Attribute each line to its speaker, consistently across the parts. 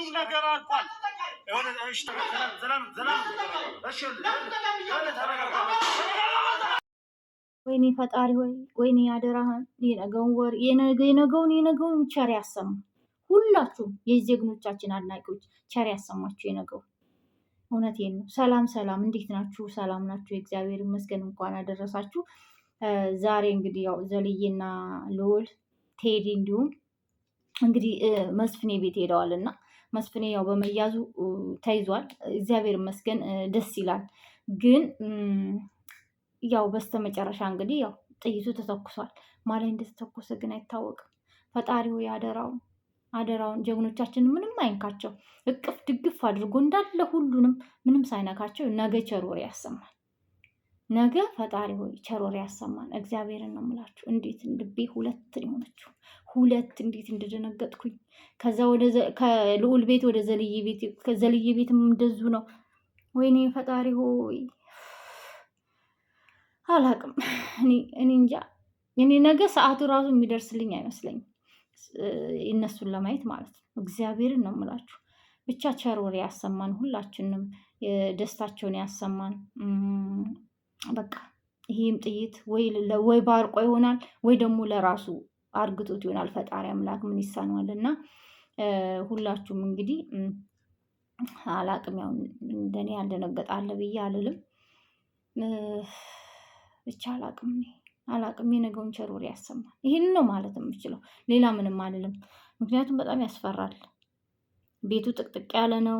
Speaker 1: ሁሉም ነገር አልቋል። ወይኔ ፈጣሪ ሆይ ወይኔ ያደራህን የነገውን ወር የነገውን የነገውን ቸር ያሰማ። ሁላችሁም የዜግኖቻችን አድናቂዎች ቸር ያሰማችሁ የነገው እውነት ነው። ሰላም ሰላም፣ እንዴት ናችሁ? ሰላም ናችሁ? የእግዚአብሔር ይመስገን እንኳን አደረሳችሁ። ዛሬ እንግዲህ ያው ዘልዬና ልውል ቴዲ እንዲሁም እንግዲህ መስፍኔ ቤት ሄደዋል እና መስፍኔ ያው በመያዙ ተይዟል። እግዚአብሔር ይመስገን ደስ ይላል። ግን ያው በስተመጨረሻ እንግዲህ ያው ጥይቱ ተተኩሷል። ማላይ እንደተተኮሰ ግን አይታወቅም። ፈጣሪው ያደራው አደራውን ጀግኖቻችን ምንም አይንካቸው፣ እቅፍ ድግፍ አድርጎ እንዳለ ሁሉንም ምንም ሳይነካቸው ነገ ቸር ወሬ ያሰማል። ነገ ፈጣሪ ሆይ ቸሮር ያሰማን። እግዚአብሔርን ነው የምላችሁ። እንዴት ልቤ ሁለት የሆነችው ሁለት እንዴት እንደደነገጥኩኝ። ከዛ ከልዑል ቤት ወደ ዘልዬ ቤት ከዘልዬ ቤትም እንደዙ ነው። ወይኔ ፈጣሪ ሆይ አላቅም። እኔ እንጃ እኔ ነገ ሰዓቱ ራሱ የሚደርስልኝ አይመስለኝም። እነሱን ለማየት ማለት ነው። እግዚአብሔርን ነው የምላችሁ። ብቻ ቸሮር ያሰማን፣ ሁላችንም ደስታቸውን ያሰማን። በቃ ይሄም ጥይት ወይ ወይ ባርቆ ይሆናል ወይ ደግሞ ለራሱ አርግቶት ይሆናል። ፈጣሪ አምላክ ምን ይሳነዋል? እና ሁላችሁም እንግዲህ አላቅም። ያው እንደኔ ያልደነገጣለ ብዬ አልልም። ብቻ አላቅም አላቅም። የነገውን ቸሮር ያሰማል። ይህን ነው ማለት የምችለው፣ ሌላ ምንም አልልም። ምክንያቱም በጣም ያስፈራል። ቤቱ ጥቅጥቅ ያለ ነው።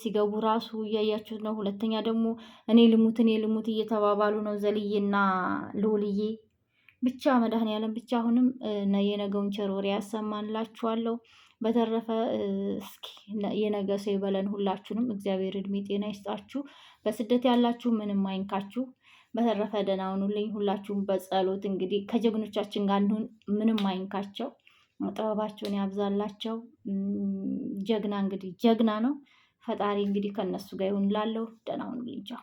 Speaker 1: ሲገቡ ራሱ እያያችሁት ነው። ሁለተኛ ደግሞ እኔ ልሙት እኔ ልሙት እየተባባሉ ነው ዘልዬና ልውልዬ ብቻ ያለን ብቻ አሁንም የነገውን ቸር ወሬ ያሰማንላችኋለሁ። በተረፈ እስኪ የነገ ሰው ይበለን ሁላችሁንም። እግዚአብሔር እድሜ ጤና ይስጣችሁ። በስደት ያላችሁ ምንም አይንካችሁ። በተረፈ ደህና ሁኑልኝ። ሁላችሁም በጸሎት እንግዲህ ከጀግኖቻችን ጋር እንሁን። ምንም አይንካቸው፣ ጥበባቸውን ያብዛላቸው። ጀግና እንግዲህ ጀግና ነው። ፈጣሪ እንግዲህ ከእነሱ ጋር ይሁን ላለው ደህና ሁኑልኝ። ቻው